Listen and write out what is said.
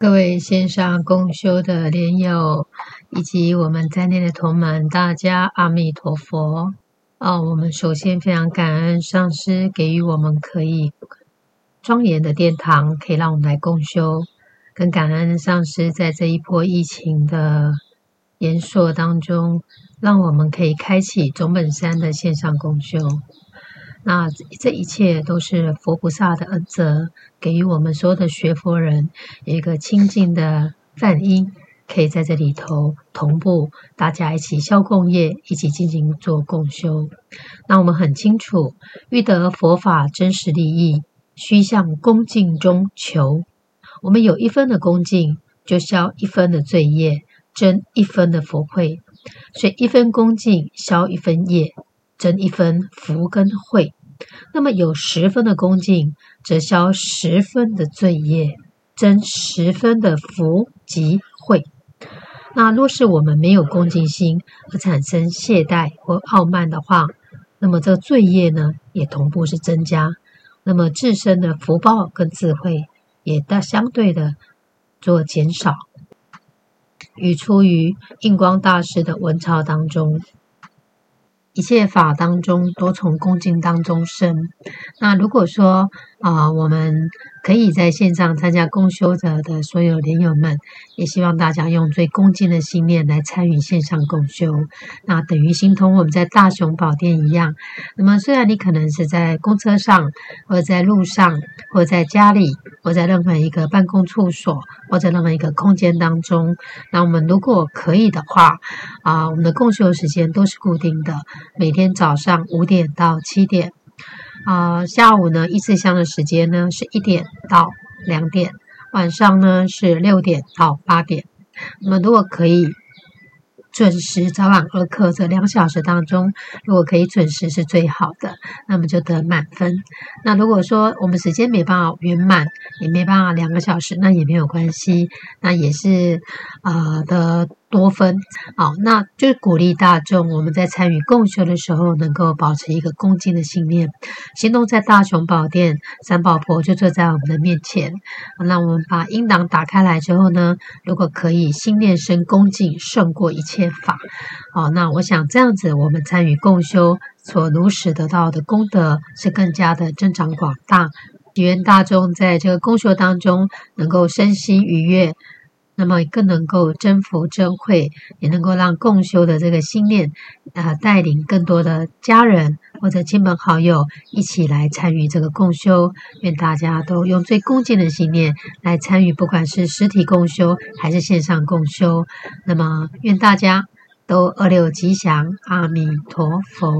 各位線上共修的蓮友，以及我們在內的同門，大家阿彌陀佛！哦，我們首先非常感恩上師給予我們可以莊嚴的殿堂，可以讓我們來共修，跟感恩上師在這一波疫情的嚴肅當中，讓我們可以開啟總本山的線上共修。那這一切都是佛菩薩的恩澤，給予我們所有的學佛人有一個清淨的梵音，可以在這裡頭同步大家一起消共業，一起進行做共修。那我們很清楚，欲得佛法真實利益，須向恭敬中求。我們有一分的恭敬，就消一分的罪業，增一分的福慧。所以，一分恭敬消一分業。增一分福跟慧。那麼有十分的恭敬，則消十分的罪業，增十分的福及慧。那若是我們沒有恭敬心而產生懈怠或傲慢的話，那麼這罪業呢，也同步是增加，那麼自身的福報跟智慧也大相對的做減少，語出於印光大師的文鈔當中。一切法當中，多從恭敬當中生。那如果說啊、呃，我們。可以在線上參加共修者的所有蓮友們，也希望大家用最恭敬的心念來參與線上共修。那等於心通我們在大雄寶殿一樣。那麼雖然你可能是在公車上，或者在路上，或者在家裡，或者在任何一個辦公處所，或者任何一個空間當中，那我們如果可以的話，啊，我們的共修時間都是固定的，每天早上五點到七點。啊、呃，下午呢，一次香的時間呢，是一點到兩點，晚上呢，是六點到八點。那麼如果可以準時早晚二課，這兩小時當中，如果可以準時是最好的，那麼就得滿分。那如果說我們時間沒辦法圓滿，也沒辦法兩個小時，那也沒有關係，那也是啊、呃、的。多分。好，那就是鼓勵大眾，我們在參與共修的時候，能夠保持一個恭敬的信念。行動在大雄寶殿，三寶婆就坐在我們的面前。那我們把音檔打開來之後呢，如果可以，心念生恭敬，勝過一切法。好，那我想這樣子，我們參與共修所如實得到的功德是更加的增長廣大。祈願大眾在這個共修當中，能夠身心愉悅。那麼更能夠增福增慧，也能夠讓共修的這個信念，啊、呃，帶領更多的家人或者親朋好友一起來參與這個共修。願大家都用最恭敬的信念來參與，不管是實體共修還是線上共修。那麼願大家都二六吉祥，阿彌陀佛。